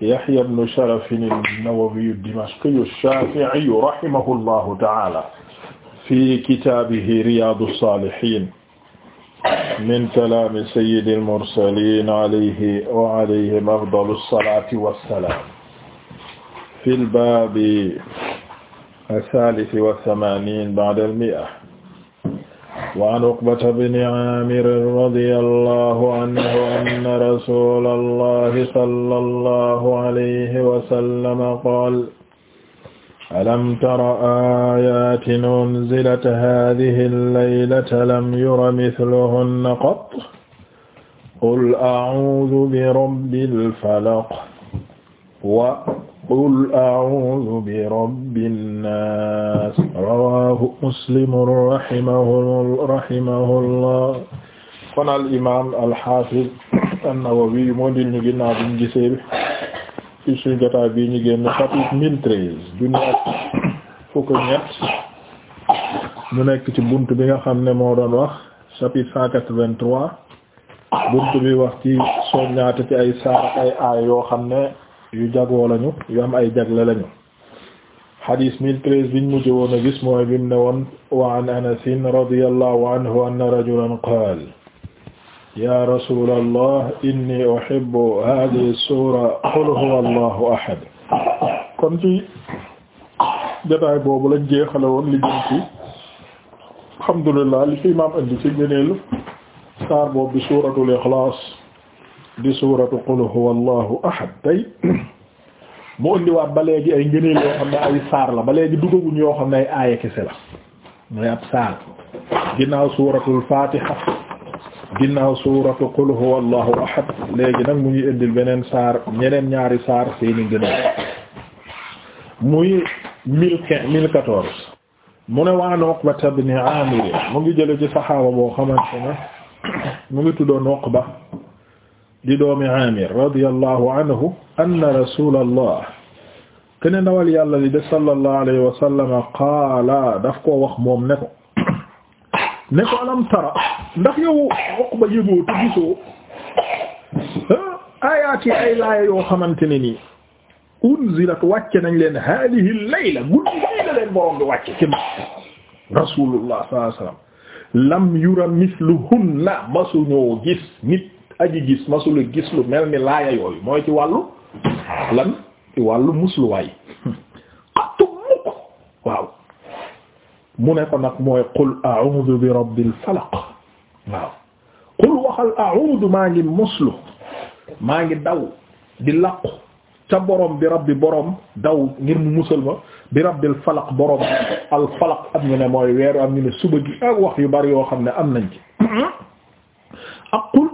Yahya ibn Sharaf an-Nawawi ad-Dimashqi ash-Shafi'i rahimahullahu ta'ala fi kitaabihi Riyaadu s-Saalihiin min kalaami sayyidil mursaliin alayhi wa alayhim afdalu s-salaati was-salaam fil baabi ath-thaalith wa thamaniin ba'da al-mi'a wa an uqbata bni aamir radiyallahu anhu anna rasulallahi sallallahu alayhi wa sallam qaala alam tara aayatin unzilat haadihi laylata lam yura mithluhunna qatt qul a'uudu bi rabbil falaq wa qul a'uudu bi rabbin naas rawaahu muslim rahimahu rahimahullah kon al imaam al haafiz an-Nawawi moo dil ñu ginnaaw bi ñu gisee ci suñu jotaay bi ñu génn chapitre mille treize fukk ñett ñu nekk ci bunt bi nga xam ne moo doon wax chapitre cent quatre-vingt-trois bunt bi wax ci soññaate ci ay saar ay aay yoo xam ne yu jagoo lañu yu am ay jagle lañu xadis mille treize biñ mujj woon a gis mooy bim ne woon wa an anasin radiyallahu anhu anna rajulan qaal ya rasulallah inni uhibbu hadhihi sura qul huwa allahu ahad kon ci jotaay boobu lañ jeexale woon li jëm ci alhamdulillah li fi imaam indi ci gëneelu saar boobu bi suuratul ixlaas di suuratu qul huwa allahu ahad tey mu indiwaat ba léegi ay ngëneel yoo xam ne ay saar la ba léegi dugaguñ yoo xam ne ay aaya kese la mooy ab saar ginnaaw suuratul fatiha ginnaaw suuratu qul huwa allahu ahad léegi nag mu ñuy indil beneen saar ñeneen ñaari saar seeni ngëneel muy mille quinze mille quatorze mu ne waan Uqbata ibn Amir mu ngi jële ci saxaaba boo xamante ne mu ngi tuddoon Uqba di doomi Amir radiyallahu anhu anna rasulallah kene ndawal yàlla li de sallallahu alayhi wa sallam qaala daf koo wax moom ne ko ne ko alam tara ndax yow Uqba yëgoo ah, ay laaya yoo xamante ne nii unzilat wàcce nañ leen hadihi layla guddi layla leen borom bi wàcce ci ma rasulullah sallallahu alayhi wa sallam lam yura gis nit aji gis masula gis lu mel ni laaya yooyu mooy ci wàllu lan i wàllu musluwaay xattu mukk waaw mu ne ko nag mooy qul a'udhu bi rabbil falaq waaw qul waxal a'udhu maa ngi muslu maa ngi daw di laqu ca borom bi rabbi borom daw ngir mu musal ma bi rabbil falaq borom al falaq am ñu ne mooy weeru am ñu ne suba gi ak wax yu bari yoo xam ne am nañ ci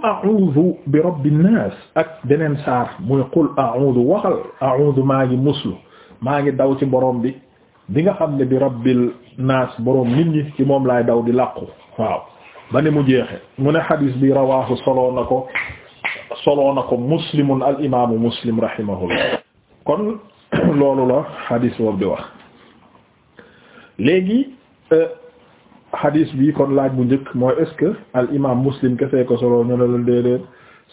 a'udhu bi rabbin nas ak beneen saar muy qul a'udhu waxal a'udhu maa ngi muslu maa ngi daw ci borom bi bi nga xam ne bi rabbil nas borom nit ñi ci moom laay daw di làqu waaw ba ne mu jeexe mu ne xadis bi rawaahu soloo na ko soloo na ko muslimun al imaamu muslim rahimahullah kon loolu la xadis boobu di wax léegi euh, hadis bi kon laaj bu njëkk mooy est-ce al imaam muslim kese ko solo ñu ne la déedéet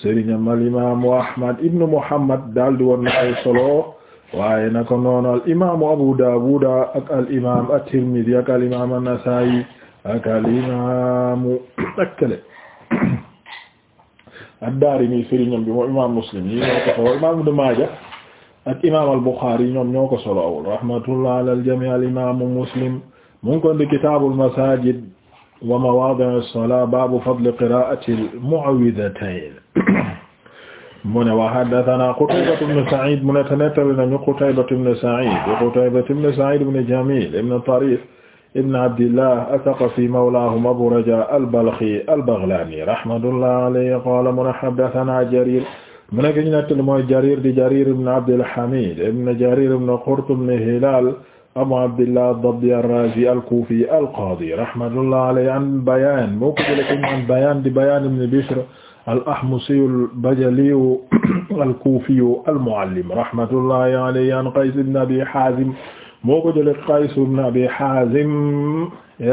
al imaamu ahmad ibnu muhammad daal di woon na ay solo waaye naka noonu al imaamu abu daawud al imaam at-tirmidhi ak al imaam an-nasaa'i ak al imaamu akkale ad muslim yi ñoo ko solo imaam rahmatullah al jamii al imaamu muslim mu ngi kon di kitaabul masaajid wa mawaadi'u salaa baabu fadli qiraa'atil mu'awwidatayn mu ne wa haddathanaa Qutaybatu ibn Sa'iid mu ne te nettali nañu Qutaybatu ibn Sa'iid Qutaybatu ibn Sa'iid ibn Jamiil ibn Tariif ibn Abdillah ath-Thaqafi mawlaahum Abu Rajaa al-Balkhi al-Baghlaani rahmatullahi alayhi qaala mu ne haddathanaa Jariir mu ne ki ñu nettali mooy Jariir di Jariir ibn Abdil Hamiid ibn Jariir ibn Qurt ibn Hilaal abu abdillah ad-dabbi ar-raazi al-kuufi al-qaadi rahmatullah alayhi an bayaan moo ko jëlee ko an bayaan di bayaan ibn bishr al-ahmusi al-bajali al-kuufi al-muallim rahmatullah alayhi an qays ibn abi haazim moo ko jëlee qays ibn abi haazim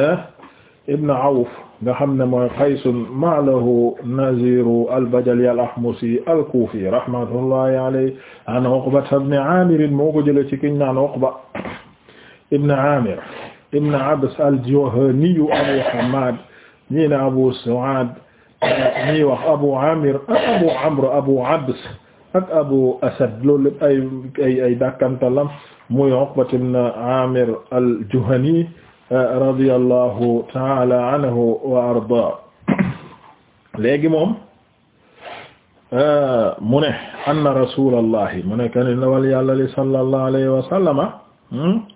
eh, ibn awf nga xam ne mooy qays ma lahu naziru al-bajali al-ahmusi al-kuufi rahmatullah alayhi an uqba ibn aamir moo ko jëlee ci kiñ naan uqba ibn Amir ibn Abs al-Juhani Abu Hamad ñii ne Abu Su'ad ñii wax Abu Amir ak Abu Amr Abu Abs ak Abu Asad loolu ay ay ay dàkkantalam muy Uqbat ibn Amir al-Juhani eh, radiyallahu ta'ala anhu wa arda léegi moom eh, mu ne anna rasulallahi mu ne kan lawal yàlla li sallallahu alayhi wa sallama hmm?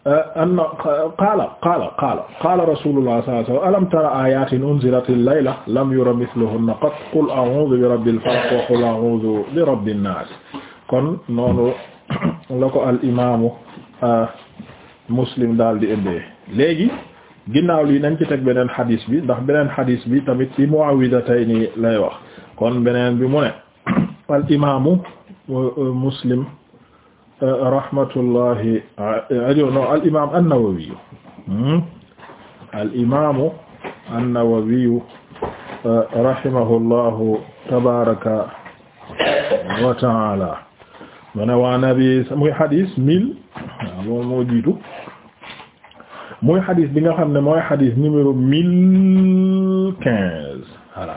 Uh, anna uh, qaala qaala qaala qaala rasulullah sallallahu alayhi wa sallam alam tara ayatin unzilatil layla lam yura mithluhunna qat qul a'udhu bi rabbil falaq wa qul a'udhu bi rabbin nas kon noonu la ko al imaamu uh, muslim daal di indee léegi ginnaaw lii nañ ci teg beneen xadis bi ndax beneen xadis bi tamit ci mu'awidatayni lay wax kon beneen bi mu ne al imaamu muslim rahmatullahi ajono al imam an-Nawawi hmm? al imamu an-Nawawi uh, rahimahullahu tabaraka wa nabi muy hadis mille muy hadis bi nga xam ne mooy hadis numéro mille quinze voilà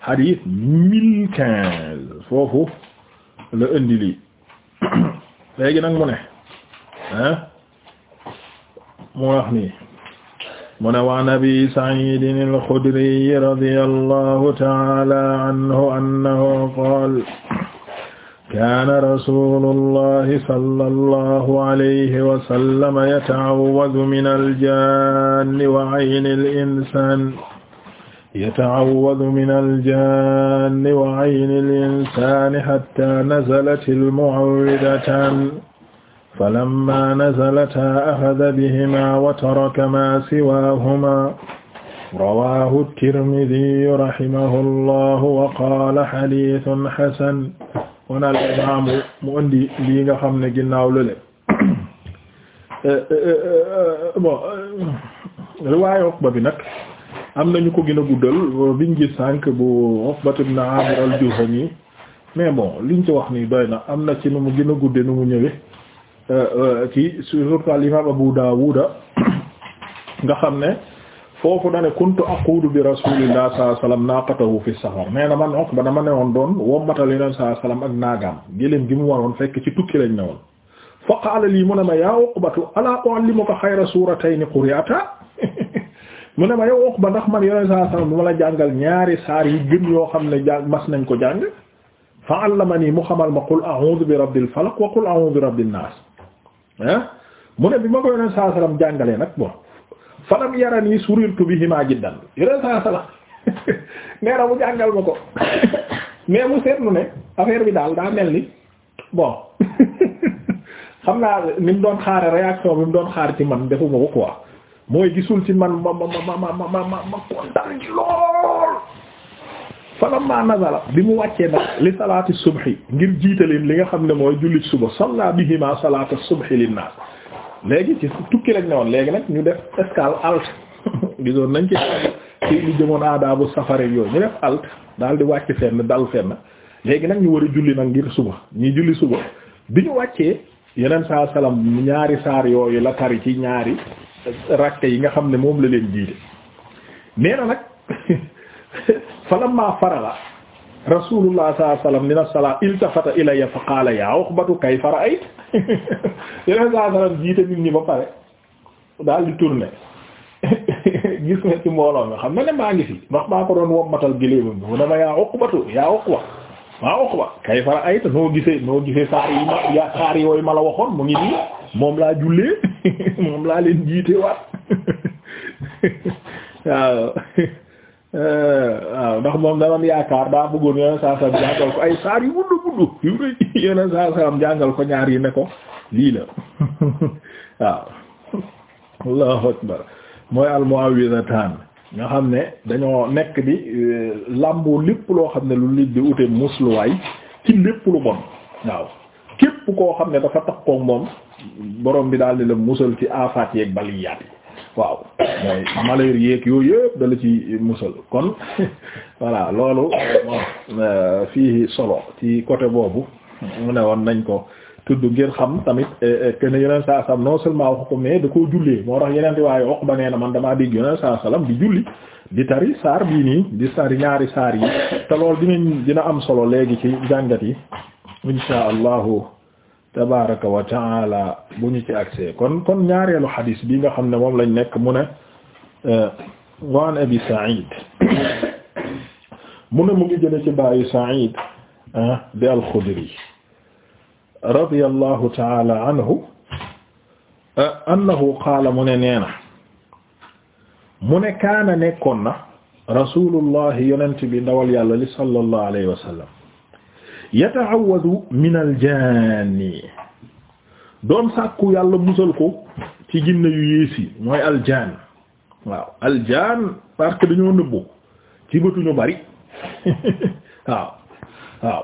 hadis mille quinze foofu la indi li léegi nag mu ne ah mu wax nii mu ne waan abi saidin alxudriy radi allahu taala anhu annahu qaal kaana rasulullahi sallallahu alayhi wa sallam yata'awwadu min aljanni wa ayni al-insaan yata'awwadu minal jaanni wa aynil insaani hattaa nazalatil mu'awwidataan falammaa nazalataa axada bihimaa wa taraka maa siwaahumaa rawaahu tirmidii rahimahullahu wa qaala hadiisun hasan wana al imaam mu andi lii nga xam ne ginnaaw lole eh, eh, eh, bon riwaayu Uqba bi nag. am na ñu ko gën a guddal euh, biñ gis sànq bu Uqbat ibn Amir al-Juhani mais bon liñ ci wax nii doy na am na ci nu mu gën a nu mu ñëwee euh, euh, ci surtout al imam nga xam ne foofu dane kuntu aqudu bi rasulillah sallallahu alayhi wasallam naqatahu fi safar nee na man Uqba dama ne woon doon wombatal yeneen sallallahu alayhi wasallam ak naagaam géléem gi mu waroon fekk ci tukki lañ ne woon fa qaala lii mu ne ma yaa Uqbatu alaa u'allimuka xayra suuratayni quri'ata mu ne ma yow wax ba ndax man yoneen saa sallam bu ma la jàngal ñaari saar yi gën yoo xam ne jàng mas nañ ko jàng fa allamani mu xamal ma qul a'udhu bi rabbil falaq wa qul a'udhu bi rabbin mu ne bi ma ko yoneen saa sallam jàngalee nag bon falam yarani surirtu bihima jiddan yoneen saa sallam nee na mu jàngal ma ko mais mu seetlu ne affaire bi daal daa mel ni bon xam naa ni mu doon xaare réaction bi mu doon xaar ci man defuma ko quoi mooy gisul ci man ma ma ma ma ma ma ma kontaan ci lool falamma nazala bi mu wàccee nag li salaati subhi ngir jiitaleen li nga xam ne mooy jullit suba salla bihima salaata subhi linnaas léegi ci tukki lañ ne woon léegi nag ñu def escale halte gisoon nañ ci ci li jëmoon aadaabu safari yooyu ñu def halte daal di wàcc fenn dal fenn léegi nag ñu war a julli nag ngir suba ñi julli suba bi ñu wàccee yeneen saa salaam ñaari saar yooyu la tari ci ñaari rakka yi nga xam ne moom la leen jiite nee na nag falamma farala rasulullah sallallahu alayhi wasallam min as-salat iltafata ilayya fa qaala ya uqbatu kayfa ra'ayt saa sallam jiite nit ñi ba pare daal di tourner gis nga ci mbooloo mi xam na ne maa ngi fi ndax maa ko doon wommatal giléemam bi mu dama yaa uqbatu yaa uqba maa uqba kayfa ra'ayt noo gisee noo gisee saar yi ma yaa saar yooyu ma la waxoon mu ngi nii moom laa jullee moom laa leen jiite waat waaw eh, waaw ndax moom dama yaakaar daa bëggoon yeneen saa jàngal ko ay saar yu buddu buddu yu yeneen jàngal ko ñaar yi ne ko lii la waaw allahu akbar mooy almu'awwidhatan nga xam ne dañoo nekk bi eh, làmboo lépp loo xam ne lu nit di ute musluwaay ci lépp lu bon waaw képp koo xam ne dafa takkook moom borom bi daal di la musal ci aafaat yeeg baliyaat yi waaw mooy malheur yeeg yooyu yëpp dala ci musal kon voilà loolu euh, fii solo ci côté boobu mu ne woon nañ ko tudd ngir xam tamit euh, euh, que ne yeneen saa salaam non seulement wax ko mais da koo jullee moo tax yeneen waaye wax ba nee na man damaa dégg yeneen saa salaam di julli di tari saar bii nii di tari ñaari saar yi te lool dinañ dina am solo léegi ci jàngat yi insha allahu tabaraka wa taala bu ñu ci accès kon kon ñaareelu xadis bi nga xam ne moom lañ nekk mu ne euh, waan abi Sa'id mu ne mu ngi jële ci baayu Sa'id bi ah, al-Khudri radiyallahu taala anhu euh, annahu qaala mu ne nee na mu ne kaana nekkoon na rasulullahi yonent bi ndawal yàlla li sallallahu alayhi wa sallam yata'awwadu min aljaani doon sàkku yàlla musal ko ci ginne yu yées yi mooy aljaan waaw aljaan parce que dañoo nëbbu ci bëtu ñu bari waaw waaw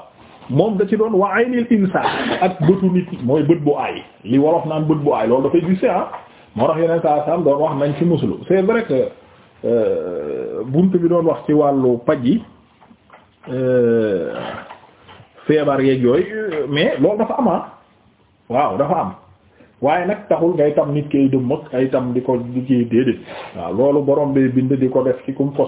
moom da ci doon wa aynil insaan ak bëtu nit mooy bët bu aay li wolof naan bët bu aay loolu dafay gis ah moo tax yeneen saa saam doon wax nañ ci musulu c'est vrai que euh, bunt bi doon wax ci wàllu paj yi euh, feebar yeeg yooyu mais loolu dafa am ah. waaw dafa am waaye nag taxul ngay tam nit kay dëmm ak ay tam di ko di kii déedéet waaw loolu borom bee bind di ko def ci kum ko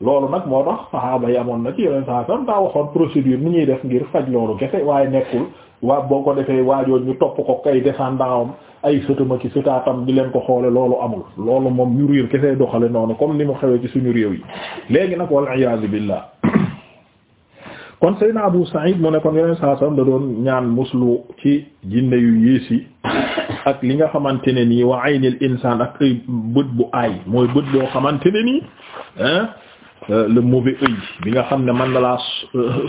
loolu nag moo tax saxaaba yi amoon nag ci yeneen saa tam daa waxoon procédure ni ñuy def ngir faj loolu kese waaye nekkul waa boo ko defee waajooj ñu topp ko ay descendant am ay sëtama ci sëtaatam di leen ko xoole loolu amul loolu moom ñu réer kese doxale noonu comme ni mu xewee ci suñu réew léegi nag wal iyaazu billah kon Seydina Abu Sa'id mu ne kon yeneen saa sam doon ñaan muslu ci jinne yu yées yi ak li nga xamante ne nii wa ay bët bu aay mooy bët boo xamante ne nii hein euh, bi nga xam ne man na laa euh,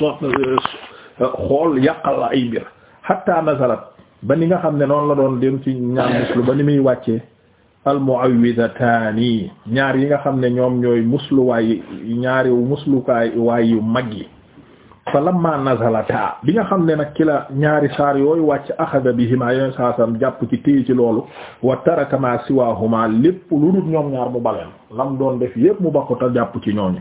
euh, xool yàqal la ay mbir hatta nazalat ba ni nga xam ne noonu la doon dem ci ñaan muslu ba ni muy wàcce al ñaar yi nga xam ne ñoom ñooy musluwaay ñaari muslukaay waay yu mag yi fa lamma nazalata bi nga xam ne nag ki la ñaari saar yooyu wàcc axada bihima yooyu saasam jàpp ci téye ci loolu wa taraka ma siwahuma lépp lu dul ñoom ñaar mu baleen lam doon def yépp mu bakko ta jàpp ci ñooñu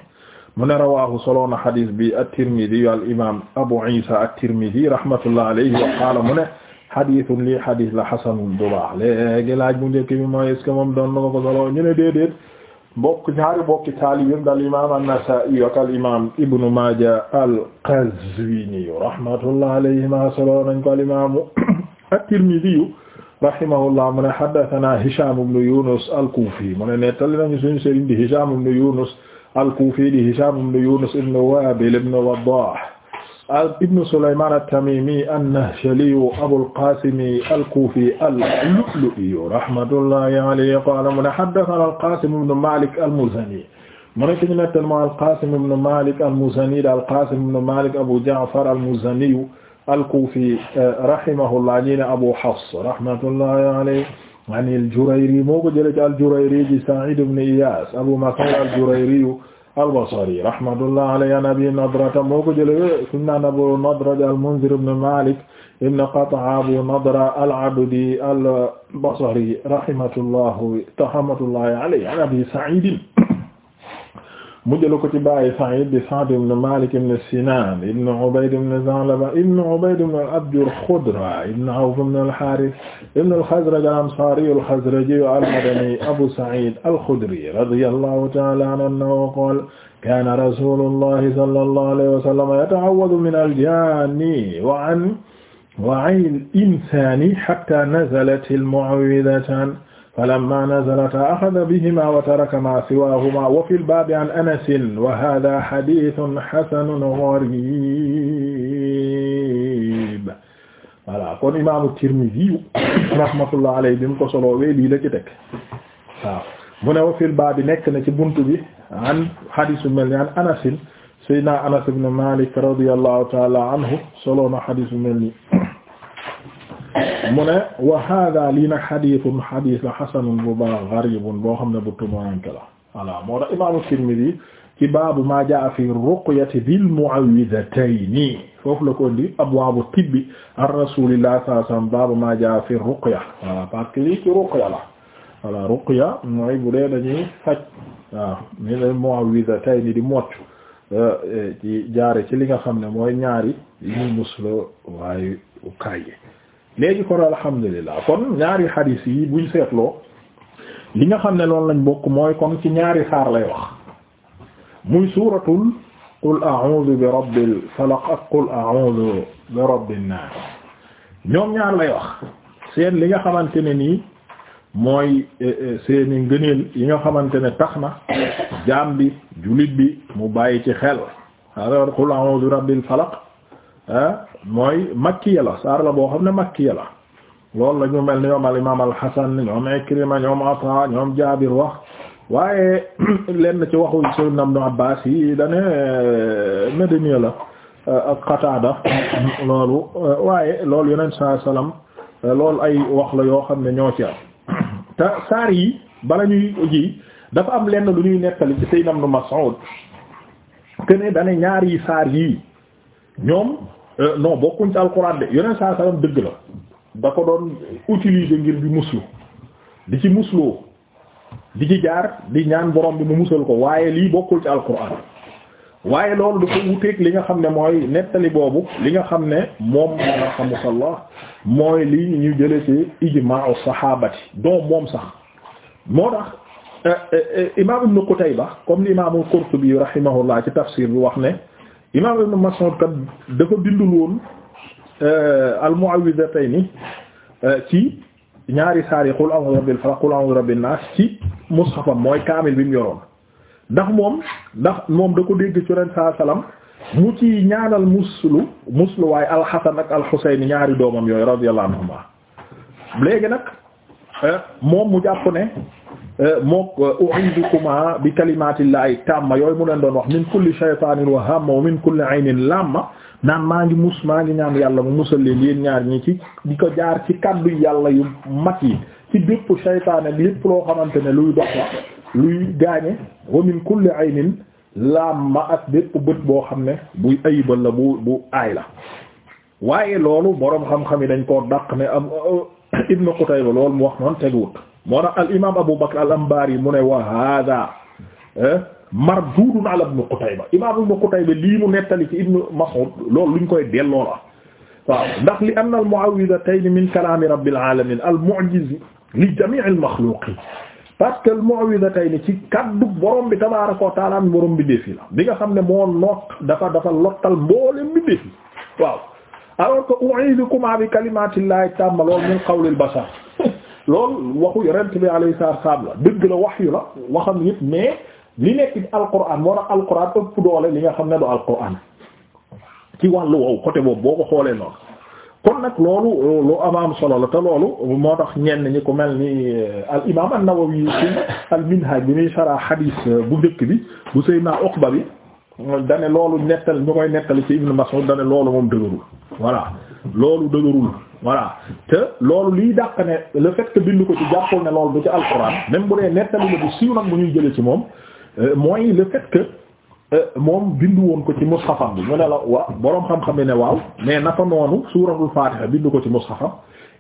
mu ne rawahu soloona xadis bi at-Tirmidhi al imam Abu Isa at-Tirmidhi rahmatullah alayhi mu ne xadisun lii xadis la xasanun bu baax léegi mu njëkk bi mooy est-ce que ko solo ñu ne bokk ñaari bokki taalibeem dal imaam an-Nasaa'i ak al imaam Ibn Maaja al-Qazwiini rahmatullah alayhima solo nañ ko al imaam at-Tirmidhi rahimahullah mu ne haddathanaa Hishaam ibn Yunus al-Kuufi mu ne nettali nañu suñu sëriñ di Hishaam ibn Yunus al-Kuufi di Hishaam ibn Yunus ibn Waabil ibn Waddaah ibn Sulaymaan at-Tamiimi an-Nahshali Abul Qaasim al-Kuufi al-Lu'lu'i rahmatullahi alayhi qaala mu ne haddathanaa al-Qaasim ibn Maalik al-Muzani mu nekk ñu nettal moo al-Qaasim ibn Maalik al-Muzani da al-Qaasim ibn Maalik Abu Ja'far al-Muzani al-Kuufi eh, rahimahullah ñi ne Abu Hafs rahmatullahi alayhi an al-Jurayri moo ko jëlee ci al-Jurayri ji Sa'iid ibn Iyaas Abu Mas'uud al-Jurayri al-Basri rahmatullah alayhi an Abi Nadrata moo ko jëlee suñu naan Abu Nadra al-Munzir ibn Malik ibn Qata'a Abu Nadra al-Abdi al-Basri rahmatullah rahmatullahi alayhi an Abi Sa'id mu jël ko ci baay Sa'id di Sa'd ibn Malik ibn Sinan ibn Ubayd ibn Zalaba ibn Ubayd ibn al-Abjar Khudra ibn Awf ibn al-Harith ibn al-Khazraj al-Ansari al-Khazraji al-Madani Abu Sa'id al-Khudri radiyallahu ta'ala anhu qala kana rasulullahi sallallahu alayhi wa sallam yata'awwadhu min al-janni wa an wa 'ayni al-insani hatta nazalat al-mu'awwidhatan falamma nazalata axada bihimaa wa taraka maa siwaahumaa wa fil baabi an anasin wa haadaa hadiisun hasanun gariib voilà kon imaamu Tirmidi rahmatullah alayhi bi mu ko soloowee lii la ci teg waaw mu ne wa fil baabi nekk na ci bunt bi an hadiisu mel ni an anasin sayyidinaa Anas ibn Maalik radiyallahu ta'aala anhu solo na hadiisu mel ni mu ne wa hada lii nag xadiisun xadiis la xasanun bu baax garibun boo xam ne bu tumaranke la voilà moo tax imaamu Tirmidi ci baabu maa jaa fi ruqyati dil mu'awwidatayni foofu la ko indi abwaabu tibbi an rasuulillah sallallahu alayhi wasallam baabu maa jaa fi ruqya voilà parce que lii ci ruqya la voilà ruqya mooy bu dee dañuy faj waaw ni la mu'awwidatayni di moccu euh, ci jaare ci li nga xam ne mooy ñaari yi ñu muslo waaye u kayi léegi kon alhamdulilah kon ñaari xadis yi buñ seetloo li nga xam ne loolu lañ bokk mooy kon ci ñaari xaar lay wax muy suuratul qul a'udhu bi rabbil falaq ak qul a'udhu bi rabbin nas ñoom ñaar lay wax seen li nga xamante ne nii mooy eh, eh, seeni ngëneel yi nga xamante ne tax na jaam bi jullit bi mu bàyyi ci xel alors qul a'udhu bi rabbil falaq mooy makkiya la saar la boo xam ne makkiya la lool la ñu mel ni ñoom al imaam al hasan ñoom Ikrima ñoom Ata ñoom Jaabir wax waaye lenn ci waxu sayyidna Ibn Abbas yi dane euh, madaniya la euh, ak Qataada loolu euh, waaye loolu yeneen sa salaam lool ay wax la yoo xam ne ñoo ci am te saar yi bala ñuy ji dafa am lenn lu ñuy nekkali ci sayyidna Ibn Mas'ud que ne dane ñaari saar yi ñoom euh, non bokkuñ ci alxuraan de yeneen saa salaam dëgg la da ko doon utiliser ngir di muslu di ci musloo di ci jaar di ñaan borom bi mu musal ko waaye lii bokkul ci alxuraan waaye loolu dafa wuteeg li nga xam ne mooy nettali boobu li nga xam ne moom la xamusallah mooy li ñu jële ci ijma'u sahabati doom moom sax moo tax euh, euh, imam Ibn Qutayba comme l'imam Qurtubi rahimahullah ci tafsir bi wax ne imaam Ibn Mas'ud kat dafa bindul woon euh, al-mu'awwidhatayni euh, ci ñaari saar yi qul a'udhu rabbil falaq qul a'udhu rabbin ci mushafam mooy kaamil bi mu yoroon ndax moom ndax moom da ko dégg ci ren saa salaam mu ci ñaanal muslu muslu waaye alxasan ak alxuseyn ñaari doomam yooyu radiyallahu anhuma léegi nag euh, moom mu jàpp ne. Euh, mook u'iidukumaa euh, bi kalimaatillaahi tàmm yooyu mu leen doon wax min kulli shaytaanin wa hamma wa min kulli aynin laamma naan maa ngi mus maa ngi ñaan yàlla ma musal leen yéen ñaar ñi ci di ko jaar ci kàddu yàlla yu mat yi ci bépp shaytaan ak lépp loo xamante ne luy dox la luy gaañe wa min kulli aynin laamma ak bépp bët boo xam ne buy ayibal la bu bu aay la waaye loolu boroom xam-xam yi dañ ko dàq ne am euh, Ibn Qutayba loolu mu wax noonu teguwut moo tax al imaam Abu Bakr al Anbari mu ne wa hada eh, mardudun ala Ibn Qutayba imaam Ibn Qutayba lii mu nettali ci Ibn Mas'ud loolu luñ koy delloo la waaw ndax li anna al mu'awwidatayn min kalaami rabbil alamin al mu'jiz li jami' al makhluqin parce que al mu'awwidatayn ci kaddu borom bi tabaaraka wa ta'ala borom bi defi la bi nga xam ne moo noot dafa dafa lottal mboolem bi defi waaw alors que u'idukum bi kalimatillahi tamma loolu min qawlil basar loolu waxu yonent bi alayhi salaam la dëgg la wax yu la waxam yëpp mais li nekk ci alquran moo tax alquran ëpp doole li nga xam ne du alquran ci wàllu woowu côté boobu boo ko xoolee noonu kon nag loolu lu am am solo la te loolu moo tax ñenn ñi ko mel ni euh, al imaam an-Nawawi ci al minhaj bi ñuy sara xadiis euh, bu njëkk bi bu Seydina Uqba bi dane loolu nekkal ñu koy nettali ci Ibn Mas'ud dane loolu moom dëgërul voilà loolu dëgërul voilà te loolu liy dàq ne le fait que bind ko ci jàppal ne loolu du ci alxuraan même bu dee nettali la bu siiw nag bu ñuy jëlee ci moom euh, mooy le fait que euh, moom bindu woon ko ci mushafam bi ñu ne la wa boroom xam-xam yi ne waaw mais naka noonu suuratul faatiha bind ko ci mushafam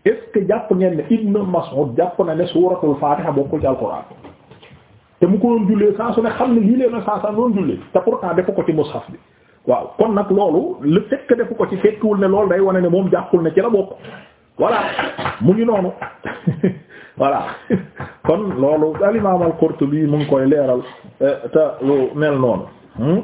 est-ce que jàpp ngeen ne Ibn Mas'ud jàpp na ne suuratul faatiha bokku ci alxuraan te mu ko doon jullee saa su ne xam ne lii leen saa saa doon jullee te pourtant def ko ci mushaf bi. waaw kon nag loolu le fait defu ko ci fekkiwul ne loolu day wane ne moom jàppul ne ci la bokk voilà mu ngi noonu voilà kon loolu al imam al Qurtubi mu ngi koy leeral eh, te lu mel noonu hmm?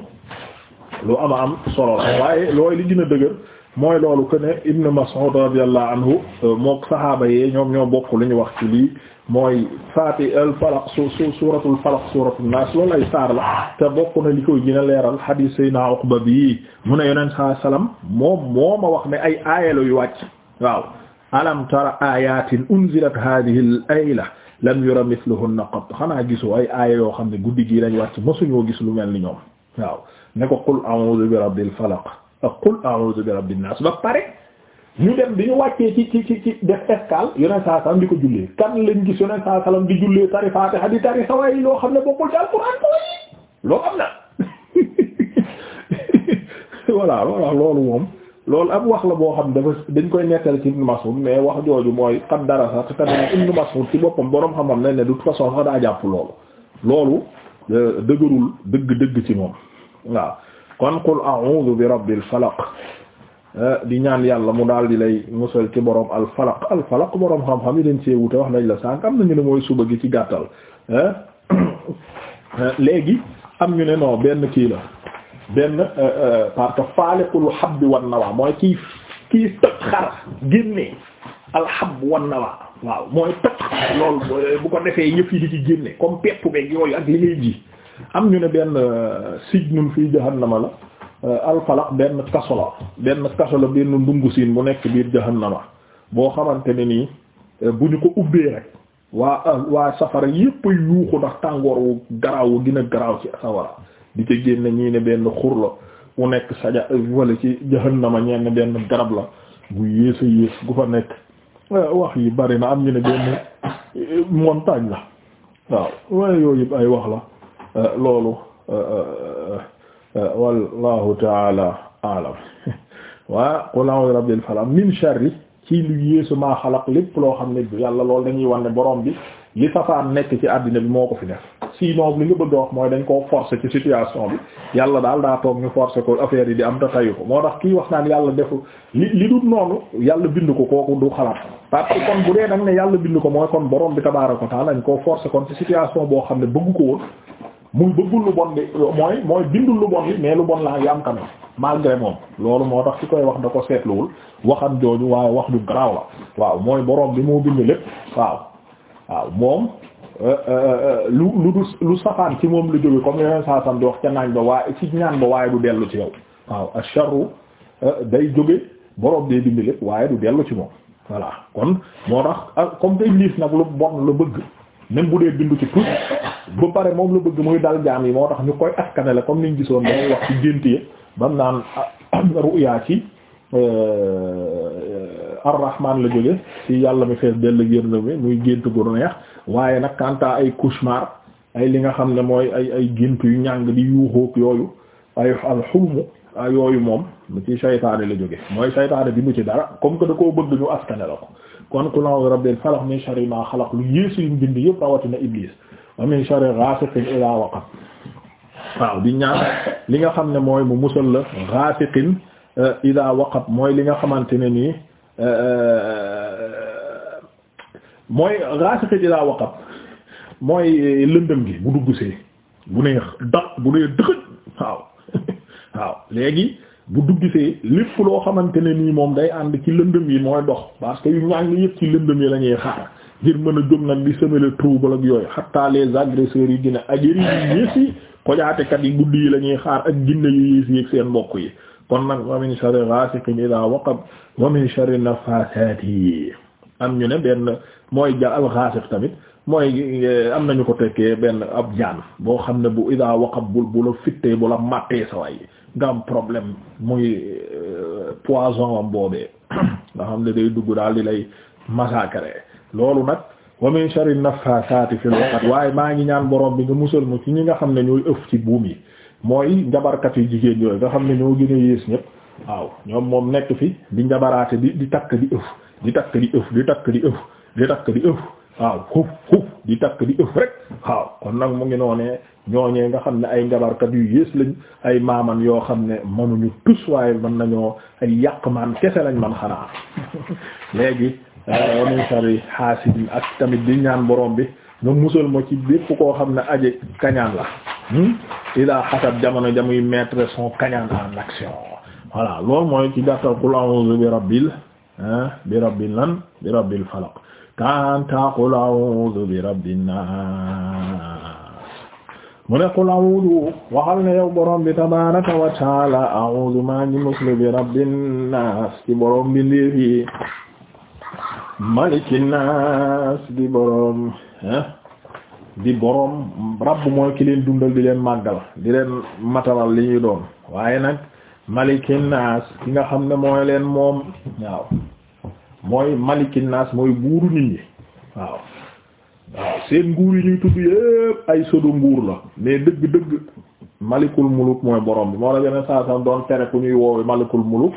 lu ama am solo la waaye looy li gën dëgër mooy loolu que ne Ibn Mas'ud radiyallahu anhu eh, mook saxaaba yee ñoom ñoo bokk lu ñu wax ci lii mooy faati al falaq su su suuratul falaq naas loolu ay la te bokk na li koy gën a leeral xadiis sayna Uqba bii mu ne yonent saa salaam moom moo ma wax ne ay aayalo yu wàcc waaw alam tara ayatin unzilat hadhihi al ayla lam yura mithluhunna qat xanaa gisoo ay aaya yoo xam ne guddi gii lañ wàcc mosuñoo gis lu mel ni ñoom waaw ne ko qul a'udhu bi rabbil falaq ak qul a'udhu bi rabbin naas ba pare ñu dem bi ñu wàccee ci ci ci ci def escale yoneen saa salaam di ko jullee kan lañ gis yoneen saa salaam di jullee tari faatiha di tari loo xam ne bokkul ci alxuraan na voilà moom loolu ab wax la boo xam dafa dañ koy nettali ci Ibn wax jooju mooy xam dara sax te tamit ci boppam boroom xam-xam ne ne de façon sax daa jàpp loolu loolu dëgërul dëgg dëgg ci moom waaw kon qul a'udhu bi rabbil falaq Eh, di ñaan yàlla mu daal di lay musal ci borom al falaq al falaq borom xam-xam yi wute wax nañ la sànq am na ñu ne mooy suba gi ci gàttal eh, eh, léegi am ñu ne non benn kii la benn parce que faaliqul habbi wan nawaa mooy kii kii tëj xar génne al habb wan waaw mooy tëj loolu bu ko defee yëf di ci génne comme pepp beeg yooyu ak li ngay ji am ñu ne benn sijnun fii jahannama la. Euh, alfalaq benn kaso benn kaso la benn ndungu siin bu nekk biir jahannama boo xamante ne nii euh, bu ñu ko ubbee rek waa euh, waa safara yépp yuuxu ndax tàngoor wu garaaw wu gën garaaw ci safara di ca génn ñii ne benn xur la bu nekk saja wala ci jahannama ñenn benn garab la bu yées yées gu fa nekk wax yi bari na am ñu ne benn montagne la waaw waaye yooyu yëpp ay wax la loolu Euh, wallahu taala alam wa qul a'udhu bi rabbil falaq min sharri ci lu yéesu maa xalaq lépp loo xam ne yàlla loolu dañuy wan ne borom bi li safaan nekk ci àddina bi moo ko fi def sinon li nga bëgg wax mooy dañ koo forcer ci situation bi yàlla daal daa toog ñu forcer ko affaire yi di am ta tayu ko moo tax kii wax naan yàlla defu li li dul noonu yàlla bind ko kooku du xalaat parce que kon bu dee dañ ne yàlla bind ko mooy kon borom bi tabaaraka ko taala dañ koo forcer kon ci situation boo xam ne bëgg ko muy bëggul lu bon bi mooy mooy bindul lu bon li mais lu bon laa ngi am quand moom loolu moo tax ci koy wax da ko seetluwul waxam jooju waaye wax du garaaw la waaw mooy boroom bi moo bind lépp waaw waaw moom euh, euh, euh, lu lu du lu safaan ci moom lu jóge comme yeneen saa sam di wax ca naañ ba waaye ci ñaan ba waaye du dellu ci yow waaw asharu day jóge boroom day bind lépp waaye du dellu ci moom voilà kon moo tax comme day liis nag lu bon lu bëgg même bu dee bindu ci tuut ba pare moom la bëgg muy dal jaam yi moo tax ñu koy askanale comme niñ gisoon dañuy wax ci gént yi bam naan ah, ruyaa ci euh, arrahman la jóge ci yàlla mu fees dell gérna mi muy gént gu neex waaye nag kanta ay cauchemar ay li nga xam ne mooy ay ay gént yu ñàng di yuuxóog yooyu ay alxulmu ah, yooyu moom ci saytaane la jóge mooy saytaane bindu ci dara comme que da koo bëgg ñu askane la ko kon qul a'uuzu bi rabbil falaq min sharri lu yéesu yu bind yëpp rawatina Iblis wa min sharri ghaasiqin idaa waqab waaw di ñaan li nga xam ne mooy mu musal la ghaasiqin euh, idaa waqat mooy li nga xamante ne nii euh, mooy ghaasiqin idaa waqab mooy lëndëm gi bu dugg see bu nee daq bu nee dëxëj waaw waaw léegi. bu duggisee lépp loo xamante ne nii moom day ànd ci lëndëm yi mooy dox parce yu ñaañ yëpp ci lëndëm yi la ñuy xaar ngir mën a jóg nag di semer le trouble ak yooyu xataa les agresseurs yi dina agiri yu yées yi kojaatekat yi guddi yi la ñuy xaar ak ginne yu yées yi seen mbokk yi kon nag wa min sharri ghasiqin idha waqab wa min sharri naffasati am ñu ne benn mooy ja al ghasiq tamit mooy eh, am nañu ko tekkee benn ab jaan boo xam ne bu idha waqab bu bu la fittee bu la màttee sa waay nga am problème muy euh, poison wam boobee nga xam ne day dugg daal di lay massacrer loolu nag wa min sharri naffasaati fil uqad waaye maa ngi ñaan borom bi nga musal ma ci ñi nga xam ne ñooy ëf ci buum yi mooy njabarkat yu jigéen yooyu nga xam ne ñoo gën a yées ñëpp waaw ñoom moom nekk fi di njabaraate bi di takk di ëf di takk di ëf di takk di ëf di takk waaw xuf xuf di takk di ëf rek waaw kon nag mu ngi noonee ñooñee nga xam ne ay ngabarkat yu yées lañ ay maaman yoo xam ne mënuñu tus waaye mën nañoo ay yàq maan kese lañ man xanaa léegi euh, wamin sharri hasidin ak tamit di ñaan borom bi nga musal moo ci bépp koo xam ne aje kañaan la hmm? ila xasab jamono jamuy mettre son kañaan en action voilà loolu mooy ci gàttal qul a'udhu bi rabbil bi rabbil lan bi rabbil falaq kanta qul a'udhu bi rabbin nas mu ne qul a'udhu waxal ne yow borom bi tabaraka wa taala a'udhu maa ngi muslu bi rabbin nas ci borom bi ndéefi malikin nas di borom eh, di borom rabb mooy ki leen dundal di leen màggal di leen matalal li ñuy doon waaye nag malikin nas ki nga xam ne mooy leen moom waaw mooy malikin naas mooy buuru nit ñi waaw waaw seen nguur yi ñuy tudd yépp ay sodu nguur la mais dëgg-dëgg malikul muluk mooy borom bi moo la yeneen saa saa doon tere ku ñuy woowe malikul muluk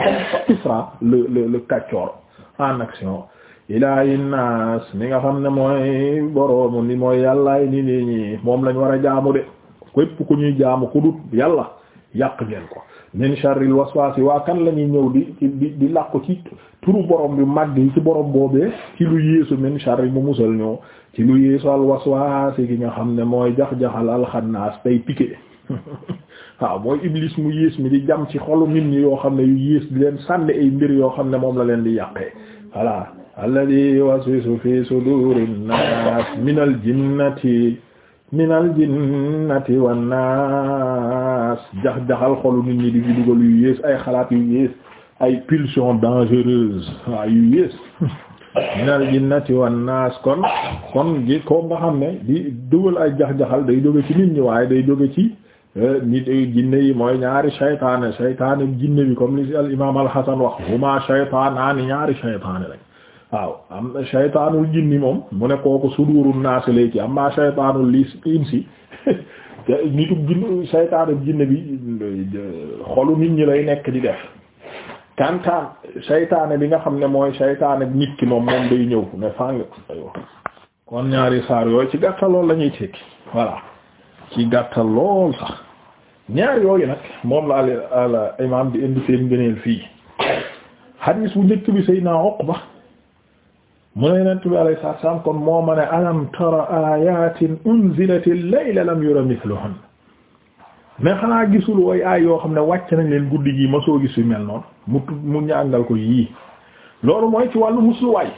Kisra le le kaccoor en action ilaahi naas mi nga xam ne mooy boroomu ni mooy yàllaay ni nii ñi moom lañ war a jaamu de képp ku ñuy jaamu ku yàlla yàq ngeen ko min sharril waswaasi waa kan la ñuy ñëw di di di làqu ci turu borom bi màgg yi ci borom boobee ci lu yéesu min sharri mu musal ñëw ci lu yéesu was waswaasi gi nga xam ne mooy jax-jaxal alxannaas tay piqué waaw mooy iblis mu yées mi di jam ci xolu nit ñi yoo xam ne yu yées leen sànni ay mbir yoo xam ne moom la leen di yàqee voilà alladhi waswisu fi suduri nnaas minal jinnati minal jinnati wan naas jax-jaxal xolu nit ñi di ci dugal yu yées ay xalaat yu yées ay pulsions dangereuses waaw yu yées minal jinnati wan naas kon kon gi ko nga xam ne di dugal ay jax-jaxal day jóge ci nit ñi waaye day jóge ci eh, nit jinne yi mooy ñaari shaytaane shaytaane jinne bi comme li al imaam al Hasan wax huma shaytaanaani ñaari shaytaane lañ waaw am na shaytaanul jinni moom mu ne ko sudurun naas lay ci amma shaytaanul liis insi te nitu jinne shaytaanul bi xolu nit ñi lay nekk di def kantaan shaytaane bi nga xam ne mooy shaytaane nit ki moom moom day ñëw ne fàng kon ñaari saar yooyu ci gàttal lool lañuy tekki voilà ci gàttal lool sax ñaar yooyu nag moom la al al imaam di indi seen fii xadiis bu njëkk bi Seydina Uqba mu ne yonent bi alayhi salaatu salaam kon moo ma ne alam tara ayatin unzilat al-layla lam yura mithluhun mais xanaa gisul way aay yoo xam ne wàcc nañ leen guddi gi ma soo gis yu mel noonu mu mu ñàngal ko yii loolu mooy ci wàllu musluwaay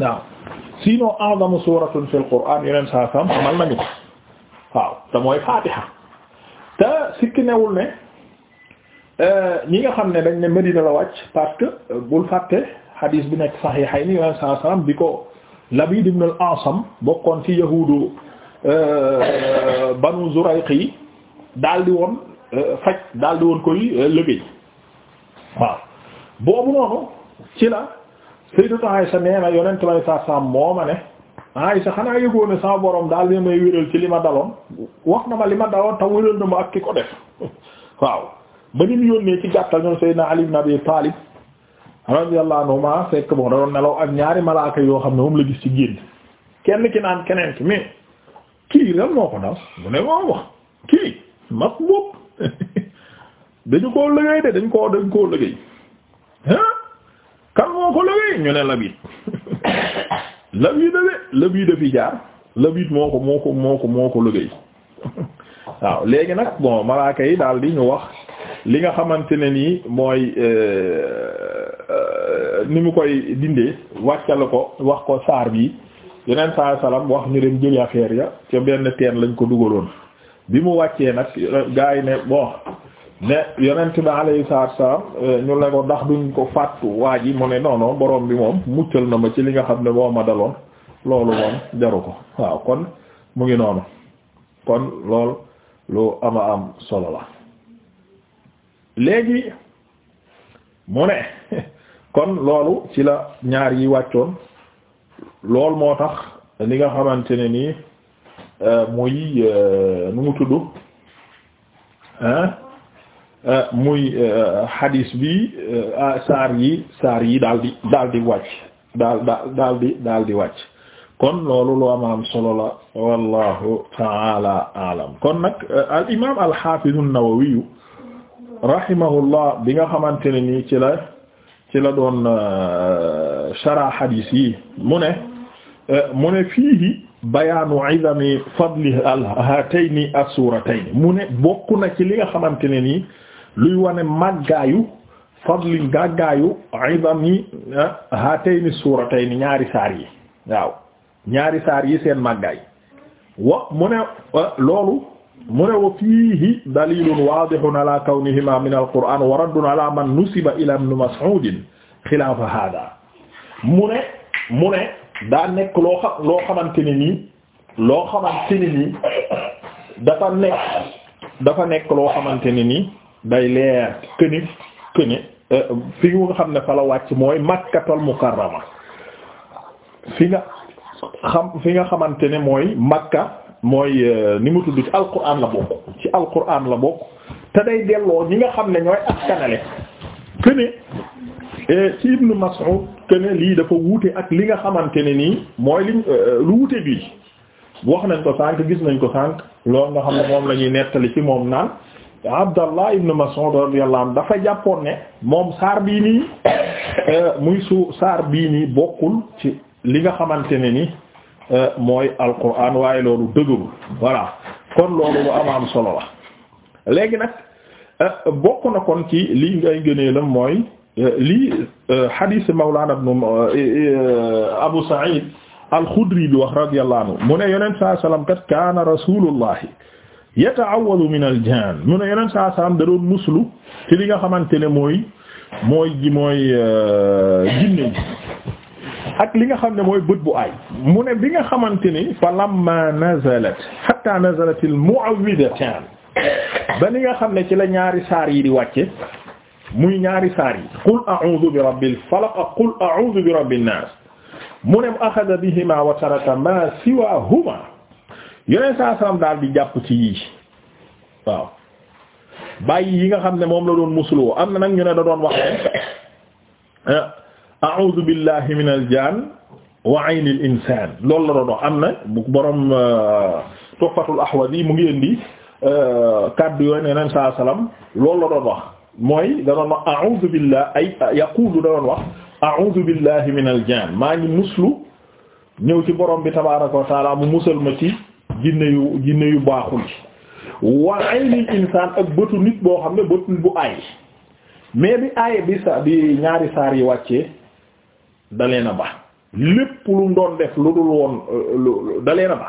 waaw sinon a'zamu suratun fil qur'an yeneen saa sam xamal nañu ko waaw te mooy fatiha te sikki newul ne euh, ñi nga xam ne dañ ne Medina la wàcc parce euh, bul fàtte xadiis bi nekk saxiixayni yonent saa salaam bi ko Labiid ibn al-Asam bokkoon ci yahuudu euh, Banu Zurayqi daal di woon euh, faj daal di woon koy euh, liggéey waaw boobu noonu ci la Sayyidatu Aysa nee na yonent bi saa salaam moo ma ne Aysa xanaa yëgoo ne sama borom di may wéral ci li ma daloon wax na ma li ma daloon te wéral na ma ak ki ko def waaw ba ni yónnee ci gàttal ñoom Sayyidina Ali ibn Abi Talib radiyallahu anhuma fekk bon da doon nelaw ak ñaari malaaka yoo xam ne moom la gis ci génn kenn ki naan keneen ki mais kii lan moo ko dal mu ne moo wax kii mag bopp dañu ko liggéey de dañ koo dañ koo liggéey ah kan moo ko liggéey ñu ne Labiid Labiid de Labiid fi jaar Labiid moo ko moo ko moo ko moo ko liggéey waaw léegi nag bon malaaka yi daal di ñu wax li nga xamante ne nii mooy euh, ni mu koy dindee wàccale ko wax ko saar bi yeneen saa salaam wax ñu dem jëli affaire ya ca benn teen lañ ko dugaloon bi mu wàccee nag gars yi ne bon ne yonent bi alayhi salaatu salaam eh, ñu ne ko ndax duñ ko fàttu waa ji mu ne non non borom bi moom muccal na ma ci li nga xam ne moo ma daloon loolu moom jaru ko waaw kon mu ngi noonu kon lool lu ama am solo la léegi mu ne kon loolu ci la ñaar yi wàccoon loolu moo tax li nga xamante ne nii euh, muy euh, nu mu tudd euh, muy xadis bi ah, saar yi saar yi daal di daal di wàcc daal daal daal di daal di wàcc kon loolu lu am am solo la wallahu taala alam kon nag al imam al hafiz an-Nawawi rahimahullah bi nga xamante ne nii ci la ci la doon euh, shara hadis yi mu ne euh, mu ne fiihi bayaanu idami fadli al hatayni mu ne bokk na ci li nga xamante ne nii luy wane màggaayu fadli gàggaayu idami hatayni euh, suuratayni ñaari saar yi waaw ñaari saar yi seen màggaay wa mu ne loolu mu ne wa fiihi dalilun wadihun ala kawnihima min alquran wa raddun ala man nusiba ila ibn mas'ud xilaafa hada mu ne mu ne daa nekk loo xam loo xamante ne nii loo xamante ne nii dafa nekk dafa nekk loo xamante ne nii day leer këni këni euh, fi nga xam ne fa la wàcc mooy makkatul mukarrama fi nga xam fi nga xamante ne mooy makka mooy euh, ni mu tudd ci alquran la bokk ci alquran la bokk te day delloo ñi nga xam ne ñooy askanale que ne euh, ci Ibn Mas'ud que lii dafa wuute ak li nga xamante ne nii mooy liñ euh, lu wuute bii wax nañ ko sànq gis nañ ko sànq loolu nga xam ne moom lañuy ñuy nettali ci moom naan Abdallah Ibn Mas'ud radiyallahu anhu dafa jàppoon ne moom saar bii nii muy su saar bii nii bokkul ci li nga xamante ne nii. Euh, mooy alquran waaye loolu dëgëru voilà kon loolu lu amaam solo la léegi nag euh, bokk na kon ci lii ngay gëneelam mooy euh, lii hadith Mawlana ibn Abu Sa'id al-Khudri bi wax radiyallahu anhu mu ne yonent saa salaam kat kaana rasulullahi yata'awwadu min al-jaan mu ne yonent saa salaam da doon muslu ci li nga xamante ne mooy mooy ji mooy jinne ji ak li nga xam ne mooy bët bu aay mu ne bi nga xamante ni fa lamma nazalat hatta nazalat al ba ni nga xam ne ci la ñaari saar yi di wàcce muy ñaari saar yi qul a'udhu bi rabbil falaq ak qul a'udhu bi rabbin nas mu ne akhadha bihima wa taraka ma siwahuma daal di jàpp ci yii waaw yi nga xam ne moom la doon musuloo am na nag ñu ne da doon wax ne ah, a'uuzu billahi min aljaan wa ayni l insaan loolu la doon am na bu borom euh, tuhfatul ahwazi mu ngi indi euh, kàddu yooyu ne neen saa salaam loolu la doon wax mooy da doon wax a'uuzu billahi ay yaqulu da wax a'uuzu billahi min aljaan maa ngi muslu ñëw ci borom bi tabaaraka wa taala mu musal ma ci jinne yu jinne yu baaxul wa ayni l ak bëtu nit boo xam ne bëtu bu aay mais bi aay bi sa bi ñaari saar yi wàccee. dalee na ba lépp lu mu doon def lu dul woon euh, dalee na ba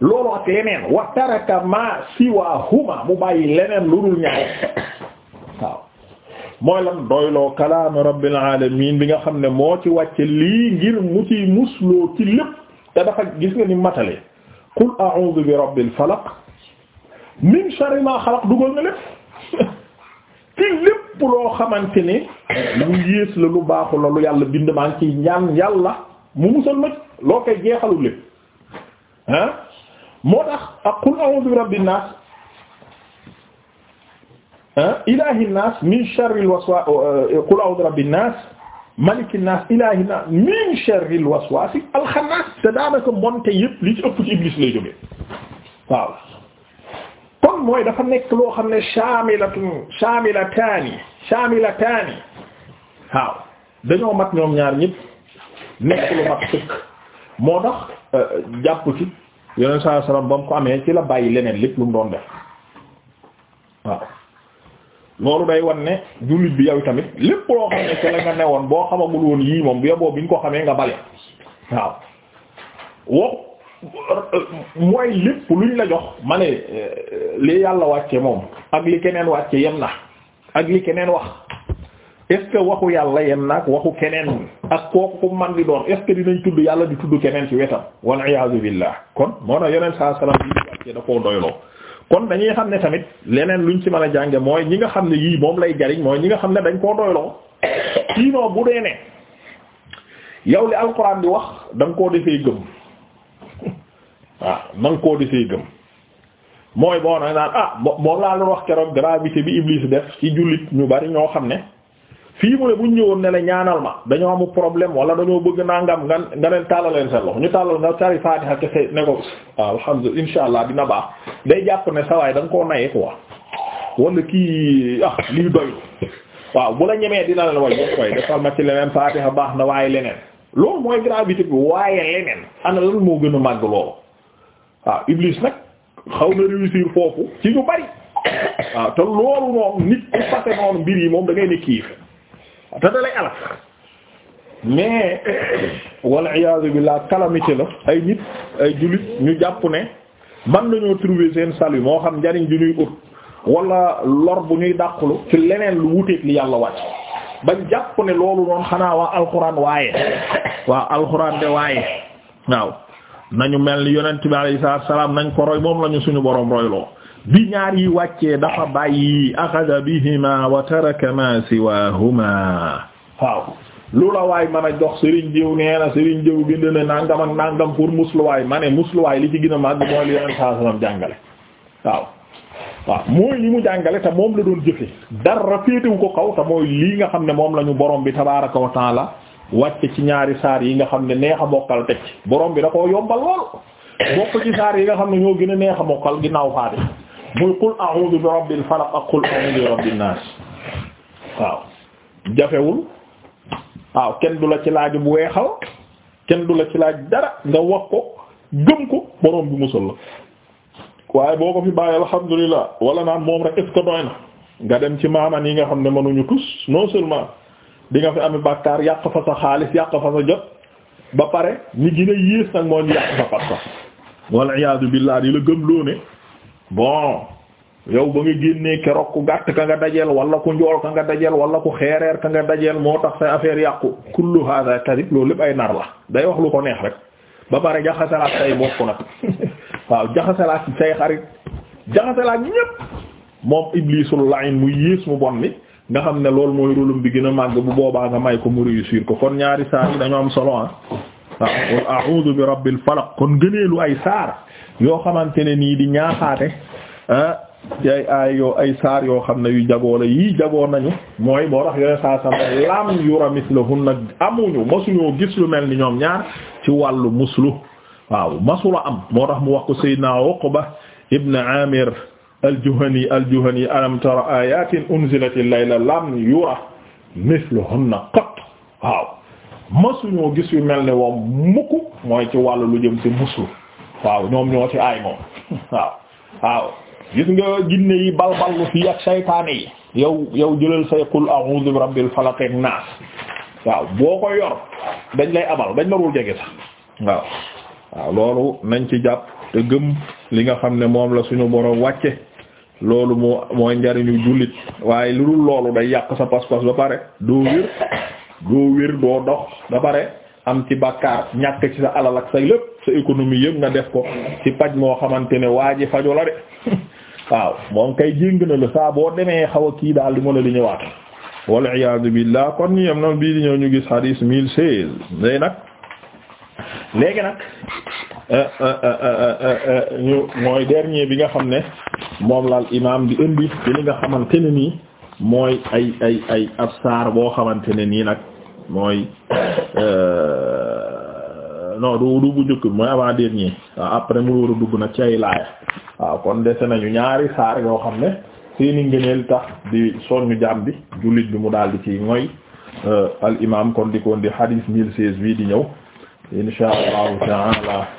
loolu ak leneen wa taraka ma siwahuma mu bàyyi leneen lu dul ñaar waaw mooy lan doyloo kalaamu rabbil alamin bi nga xam ne moo ci wàcce lii ngir mu ci musloo ci lépp te dafa gis nga ni matale qul a'udhu bi rabbil falaq min sharri ma xalaq dugal nga lépp lépp loo xamante ni lu yées la lu baaxul la lu yàlla bind maa ngi ciy yàlla mu musal ma loo koy jeexalu lépp ah moo tax ak qul a'udhu bi rabbin nas ah, ilahin nas min sharril waswa eh, qul a'udhu bi rabbin nas malikin nas ilahin min sharril waswasi al khannas te daanaka mbonte yépp li ci ëpp ci iblis lay jógee waaw kon mooy dafa nekk loo xam ne shaamilatun shaamilataani shaamilataani waaw dañoo mat ñoom ñaar ñëpp nekk lu mat sëkk moo tax euh, jàpp ci yeneen saa salaam ba ko amee ci la bàyyi leneen lépp lu mu doon def waaw loolu day wan ne jullit bi yow tamit lépp loo xam ne ci la nga newoon boo xamagul woon yii moom bu yoboo bi ñu ko xamee nga bale waaw mooy lépp luñ la jox ma ne euh, li yàlla wàcce moom ak li keneen wàcce yem na ak li keneen wax est waxu yàlla yem na ak waxu keneen ak kooku man di doon est ce que dinañ tudd yàlla di tudd keneen ci wetam wal iyaazu billah kon moo tax yeneen saa salaam yi wàcce da koo doyloo kon dañuy xam ne tamit leneen lu ñu ci mën a jànge mooy ñi nga xam ne yii moom lay jariñ mooy ñi nga xam ne dañ koo doyloo sinon bu dee ne yow li alxuraan di wax da koo defee gëm waaw na nga koo desee gëm mooy boo na naan ah moom laa doon wax keroog gravité bi Iblis def ci jullit ñu bari ñoo xam ne fii mu ne bu ñëwoon ne la ñaanal ma dañoo amu problème wala dañoo bëgg nangam nga nga leen tàllal leen seen loxo ñu tàllal nga sari Fatiha kese ne ko alhamdulillah insha allah dina baax day jàpp ne sawaay da nga koo naye quoi wala kii ah lii doy waaw bu la ñemee dina leen way boo koy defal ma ci leneen Fatiha baax na waaye leneen loolu mooy gravité bi waaw Iblis nag xaw na réussir foofu ci ñu bari waaw te loolu noonu nit ku fase noonu mbir yi moom da ngay ne kiif te da lay alal mais wal iyaazu billaah calamité la ay nit ay jullit ñu jàpp ne man nañoo trouver seen salut moo xam njariñ ju ñuy ut wala lor bu ñuy dàqulu ci leneen lu wuteek li yàlla wàcc bañ jàpp ne loolu noonu xanaa waa alxuraan waaye waa alxuraan de waaye waaw nañu mel ni yonent bi alayhi salaam nañ ko roy moom lañu suñu borom royloo bi ñaar yi wàccee dafa bàyyi axada bihima wa taraka waaw lu la waay man a jox Serigne Diw nee na Serigne Diw bind na nangam ak nangam pour musluwaay ma ne musluwaay li ci gën a màgg mooy li yonent saa salaam jàngale waaw waaw mooy li mu jàngale te moom la doon jëfe dara féetewu ko kaw te mooy lii nga xam ne moom lañu borom bi tabaaraka wa la wàcc ci ñaari saar yi nga xam ne neex a mokkal teg ci bi da koo yombal lool bokk ci saar yi nga xam ne ñoo gën a neex a mokkal ginnaaw faate muy qul a'udhu bi rabbil falaq ak qul a'udhu bi rabbin waaw jafewul waaw kenn du la ci laaj bu weexal kenn du la ci laaj dara nga wax ko gëm ko borom bi musal la waaye boo ko fi bàyyi alhamdulillah wala naan moom rek est-ce doy na nga dem ci maaman yi nga xam ne mënuñu tus non seulement dinga nga fi amee bàkkaar yàq fa sa xaalis yàq fa sa jot ba pare ni gën a yées nag moo ñu yàq sa pas sax wal iyaadu billaah di la gëm loo ne bon yow ba nga génnee keroog ku gàtt ka nga dajeel wala ku njool ka nga dajeel wala ku xeereer ka nga dajeel moo tax say affaire yàqu kullu hada kadib loolu lépp ay nar la day wax lu ko neex rek ba pare jaxasalaat say bokk nag waaw jaxasalaat say xarit jaxasalaat ñépp moom iblisul lain mu yées mu bon ni nga xam ne loolu mooy rôlam bi gën a màgg bu boobaa nga may ko mu réussir ko kon ñaari saar yi am solo a ah. waaw bi rabbil falaq kon gëneelu ay saar yoo xamante ne nii di ñaaxaate ci ah, ay aay yoo ay saar yoo xam ne yu jagoo la yii jagoo nañu mooy moo tax yeneen saa sama lam yura mislahunna amuñu masuñoo gis lu mel ni ñoom ñaar ci wàllu muslu waaw masula am moo tax mu wax ko sayyidina Uqba ibn Amir aljuhani aljuhani alam tara ayatin unzilati layla lam yura mithluhunna qat waaw masuñoo gis yu mel ni woom mukk mooy ci wàllu lu jëm ci musu waaw ñoom ñoo ci aay moom waaw gis nga jinne yi balballu fii ak saytaane yi yow yow jëlal say qul a'udhu bi rabbil falaq ak naas waaw boo ko yor dañ lay abal dañ la dul jege sax waaw waaw loolu nañ ci jàpp te gëm li nga xam ne moom la suñu boroom wàcce loolu moo mooy njariñu jullit waaye lu dul loolu day yàq sa pas-pas ba pare doo wér doo wér doo dox ba pare am ci bàkkaar ñàkk ci sa alal ak say lépp sa économie yëpp nga def ko ci paj moo xamante ne waa ji faju la de waaw moom kay jéng na la saa boo demee xaw kii daal di mën a li ñëwaat wal iyaadu billah kon ñu am na bii ñëw ñu gis hadis mille seize léegi nag léegi nag Euh, euh, euh, ñu mooy dernier bi nga xam ne moom laal imaam bi indi ci li nga xamante ne nii mooy ay ay ay ab saar boo xamante ne nii nag mooy non du du bu njëkk mooy avant dernier waaw après mu war a dugg nag ci ay laaya waaw kon dese nañu ñaari saar yoo xam ne seeni ngëneel tax di soññu jaam bi jullit bi mu daal di ci mooy al imam kon di ko di hadith mille seize bi di ñëw insha allahu taala